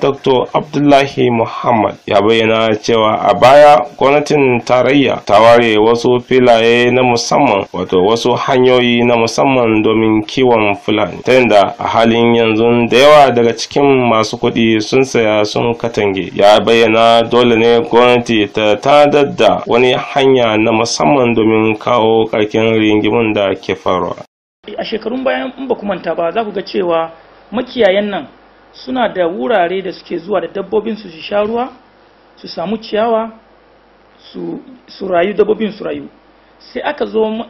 Dr. Abdullahi Muhammad ya bayyana cewa a baya gwamnatin tarayya ta ware wasu filaye na musamman wato wasu hanyoyi na musamman domin kiwon Fulani. Ta yadda a halin yanzu da yawa daga cikin masu kuɗi sun saya sun katange. Ya bayyana dole ne gwamnati ta tadar da wani hanya na musamman domin kawo ƙarƙin rigimin da ke faruwa. A shekarun bayan in ba manta ba za ku ga cewa makiyayan nan suna da wurare da suke zuwa da dabbobin su sha ruwa su samu ciyawa su rayu dabbobin su rayu sai aka zo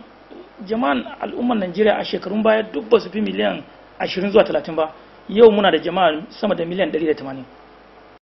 jama'an al'ummar najeriya a shekarun baya duk ba su fi miliyan 20 zuwa 30 ba yau muna da jama'a sama da miliyan 180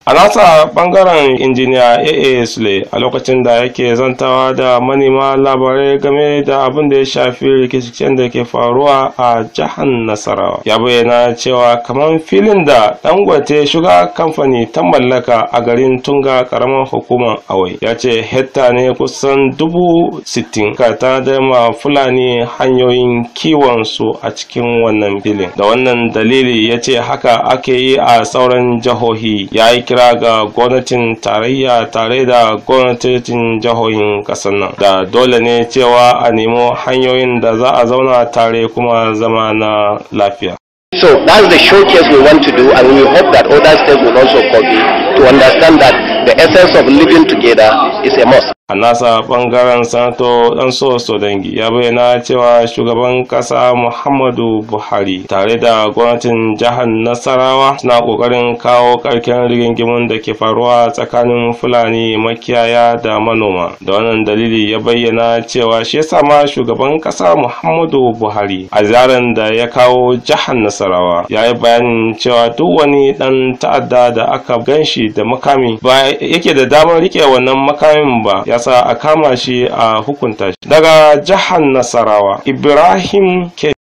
a nasa bangaren injiniya aa sule a lokacin da yake zantawa da manema labarai game da abin da ya shafi rikicin da ke faruwa a jihar nasarawa ya bayyana cewa kamar filin da dangote shuga kamfani ta mallaka a garin tunga karamar hukumar awai ya ce hekta ne kusan dubu sittin ka ta dama fulani hanyoyin kiwon su a cikin wannan filin da wannan dalili ya ce haka ake yi a sauran jihohi ya yi kira ga gwamnatin tarayya tare da gwamnatin jihohin ƙasar nan da dole ne cewa a nemo hanyoyin da za a zauna tare kuma zama na lafiya So that's the showcase we want to do and we hope that other states will also copy to understand that the essence of living together is a must. a nasa bangaren sanato dan so dangi ya bayyana cewa shugaban kasa muhammadu buhari tare da gwamnatin jihar nasarawa suna kokarin kawo karken rigingimun da ke faruwa tsakanin fulani makiyaya da manoma da wannan dalili ya bayyana cewa shi yasa ma shugaban kasa muhammadu buhari a ziyarar da ya kawo jihar nasarawa ya yi bayanin cewa duk wani dan ta'adda da aka ganshi da makami ba yake da damar rike wannan makamin ba ƙasa a kama shi a hukunta shi daga jihar nasarawa ibrahim ke